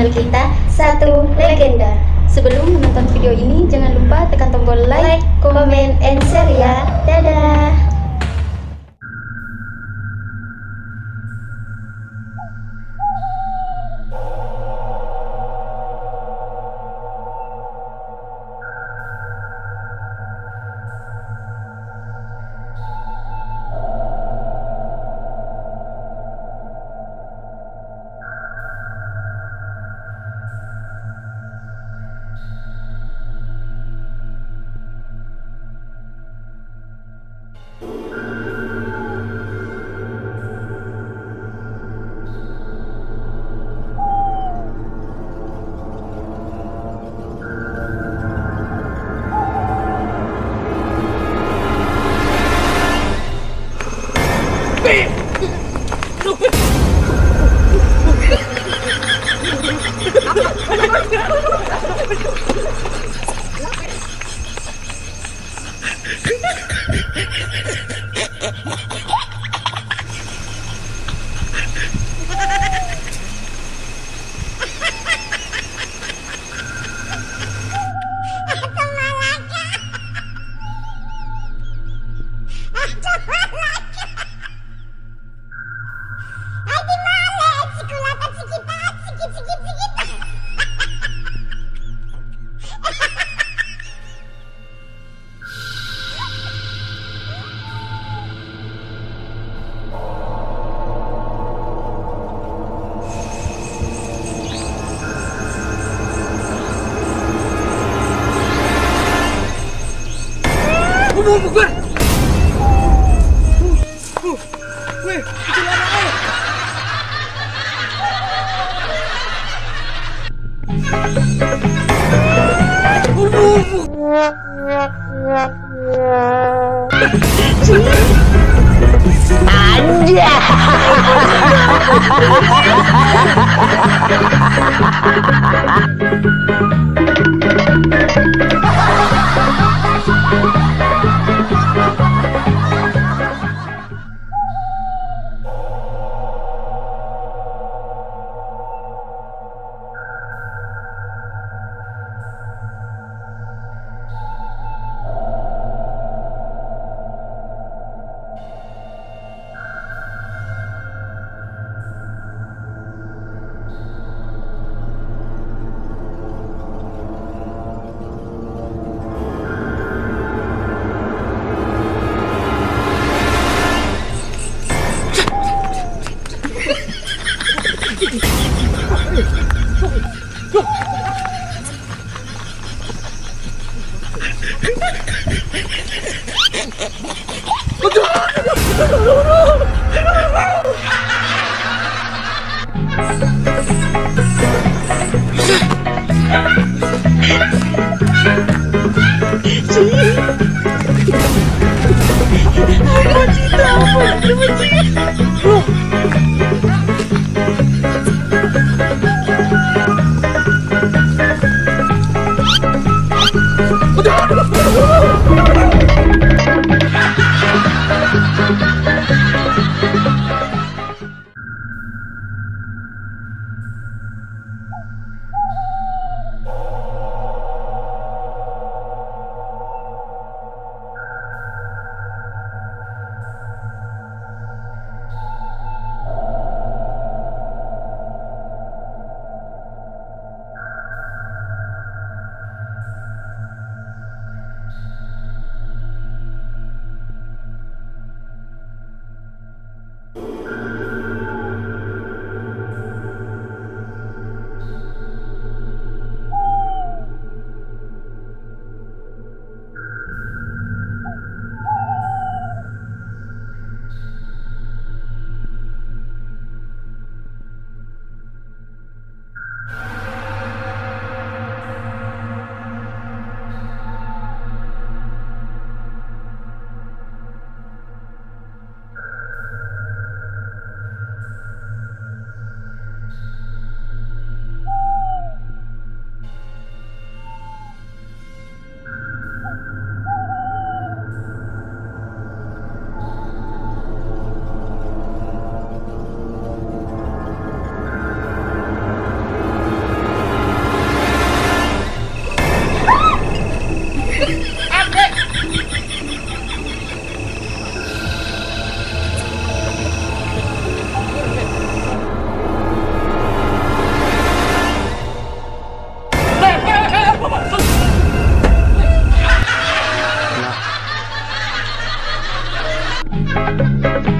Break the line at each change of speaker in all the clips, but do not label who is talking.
channel kita Satu Legenda. Sebelum menonton video ini, jangan lupa tekan tombol like, comment, and share ya. Dadah! bu bu bu celana air. Anjay. Hahaha. 我 不知道，我什么都不知道。Thank you.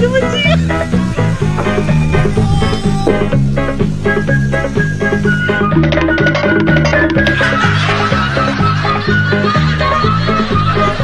什么机？